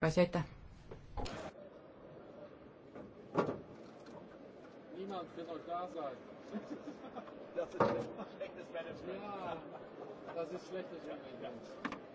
tagasi, aitäh. niemand wird noch da sein. Das ist schlechtes Management. Ja, das ist schlechtes Management. Ja.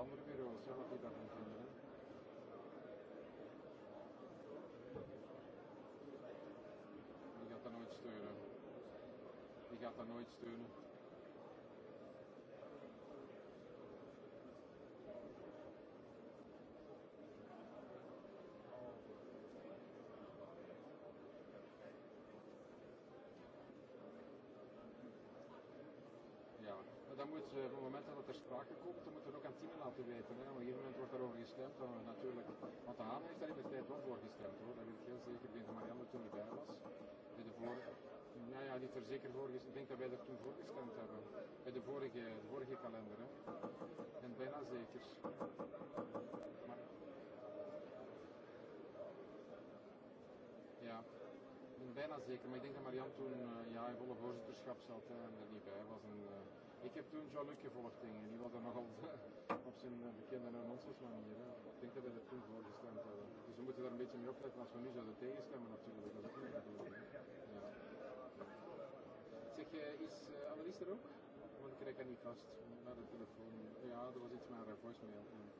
adamları veriyorlar. Sen hakikaten kendine. Ich hatte Neuztöne. Ich hatte Neuztöne. Ja, maar dan moet ze op het moment sprake komt om het dan ook aan Timmer laten weten. Hè. Op een gegeven moment wordt daarover gestemd. Dan natuurlijk, want de Hamer heeft daar in de tijd wel voor gestemd hoor. Dat wil ik heel zeker weten. Marianne toen erbij was. Bij de vorige, nou ja, niet er zeker voor gestemd. Ik denk dat wij er toen voor gestemd hebben. Bij de vorige, de vorige kalender. Hè. En bijna zeker. Maar, ja ben bijna zeker, maar ik denk dat Marian toen uh, ja, in volle voorzitterschap zat hè, en er niet bij was. En, uh, Ik heb toen Jean-Luc verwachtingen. Die was dan nog altijd op zijn eh, bekende nonsens manier. Hè. Ik denk dat hij er toen voor gestemd hadden. Dus we moeten daar een beetje mee opletten als we nu zouden tegenstemmen natuurlijk. Dat is ook niet bedoeld. Ja. Zeg, eh, is uh, Annelies er ook? Want ik krijg haar niet vast naar de telefoon. Ja, er was iets met haar voicemail. Ja.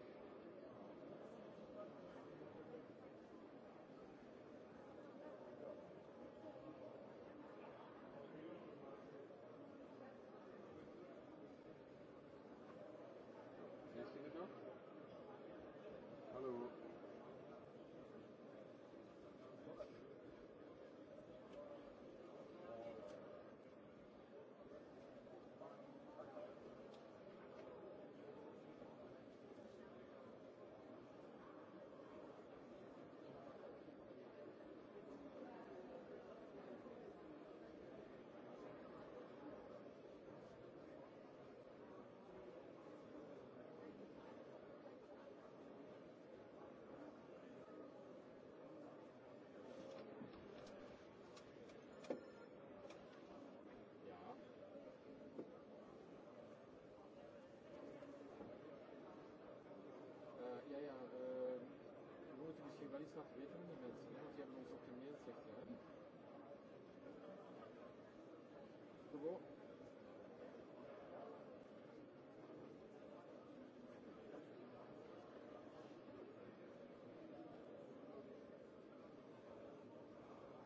ist nach Veterinärmedizin und die haben uns optimiert sich, ja. Wo?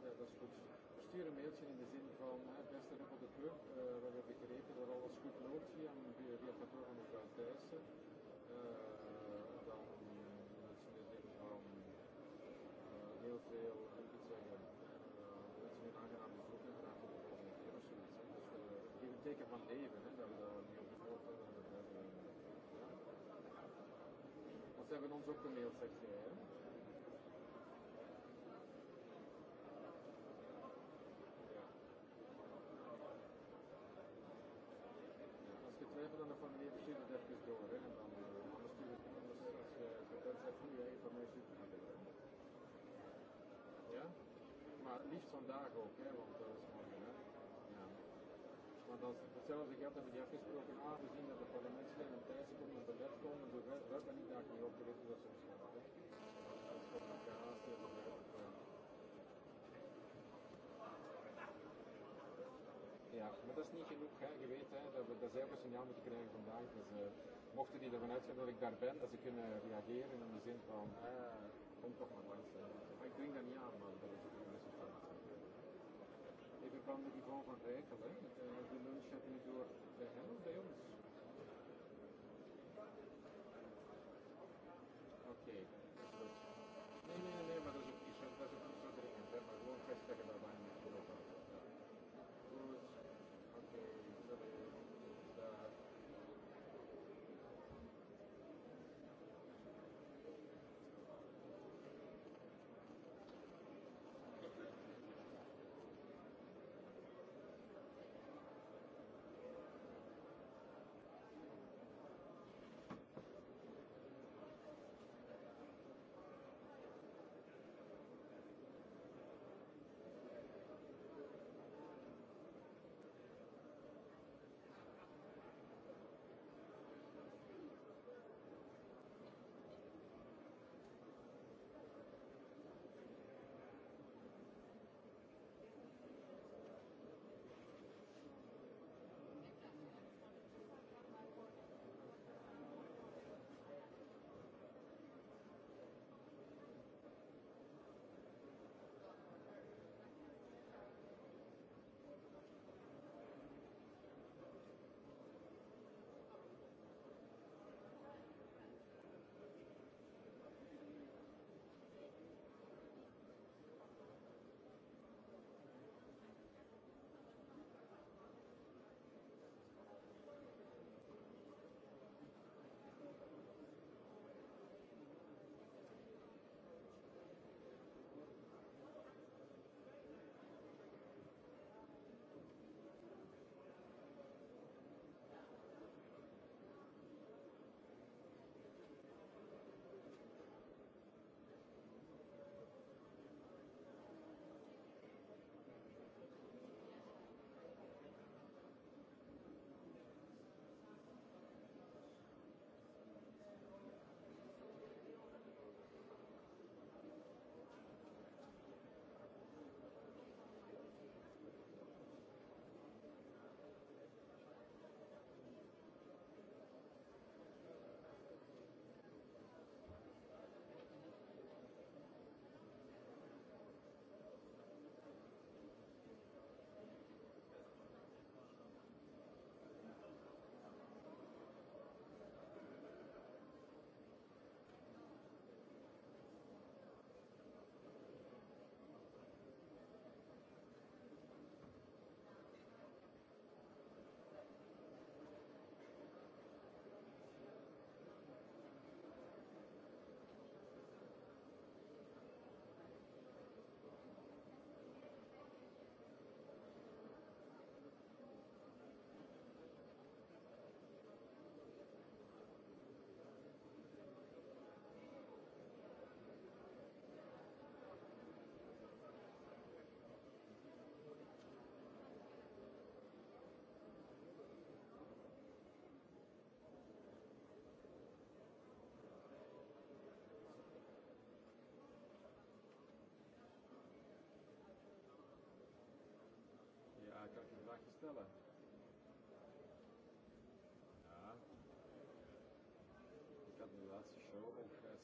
Ja, dat is goed. Stuur een mailtje in de zin van, hè, beste Ruppel de Plug, uh, we hebben begrepen dat alles goed loopt via, via het kantoor van mevrouw Thijssen. zeker van leven. Hè, dat we daar niet op Want ze hebben ons ook een mailsectie. Hè? dat hetzelfde geldt hebben die afgesproken aangezien dat de parlementsleden een tijdje komen op de wet komen, de wet, wet en niet daar niet op te richten dat ze misschien wel. Dat is voor elkaar aanstellen op de wet. Ja, maar dat is niet genoeg. Hè. Je weet hè, dat we dat zelf een signaal moeten krijgen vandaag. Dus uh, mochten die ervan uitgaan dat ik daar ben, dat ze kunnen reageren in de zin van, eh, kom toch maar langs. Maar ik denk dat niet aan, man. Dat is kwam met Yvonne van Rijkelen. Uh, de lunch hebben we door bij hem of bij ons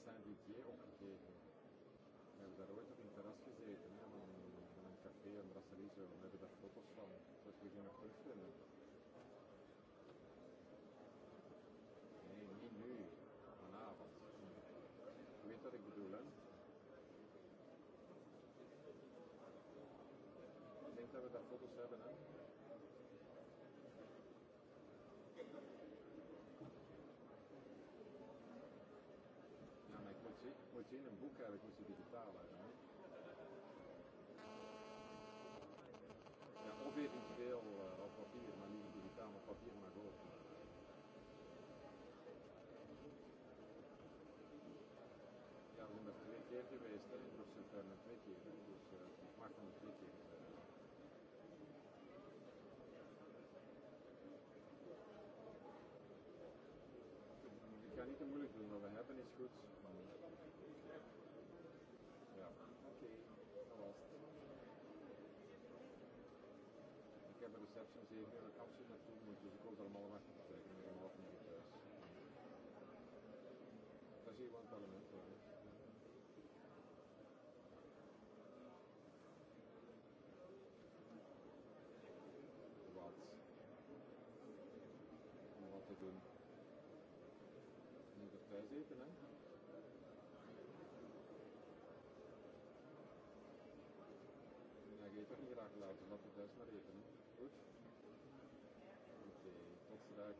syndiqué oppure يعني ضرورته كنت راسي زي تماما من كافيه من راس اليزو وما بدا فوتوس فهم بس بيجي مكتوب فيلم Nee, niet nu. Vanavond. Je weet wat ik bedoel, hè? Ik denk dat we daar foto's hebben, hè? moet je in een boek eigenlijk moet je die betalen. Hè? Ja, of eventueel uh, op papier, maar niet digitaal, maar papier maar door. Ja, we zijn er twee keer geweest hè, in Brussel, maar twee keer. Hè, dus uh, ik mag van de twee keer zijn. Ik ga niet te moeilijk doen, maar we hebben is goed. receptions here in the council and room, which is called Almala Macintyre, and I'm often with us. Does he want parliament? Or? Wat? Om wat te doen? Moet er thuis eten, hè? Ja, ik eet toch niet graag laten, laat het thuis maar eten, hè? Tax, tax,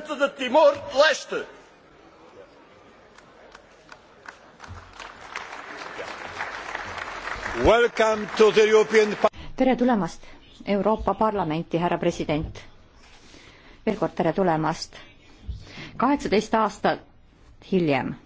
presidente de Timor-Leste. European... tere tulemast Euroopa Parlamenti, härra president. veel kord tere tulemast. kaheksateist aastat hiljem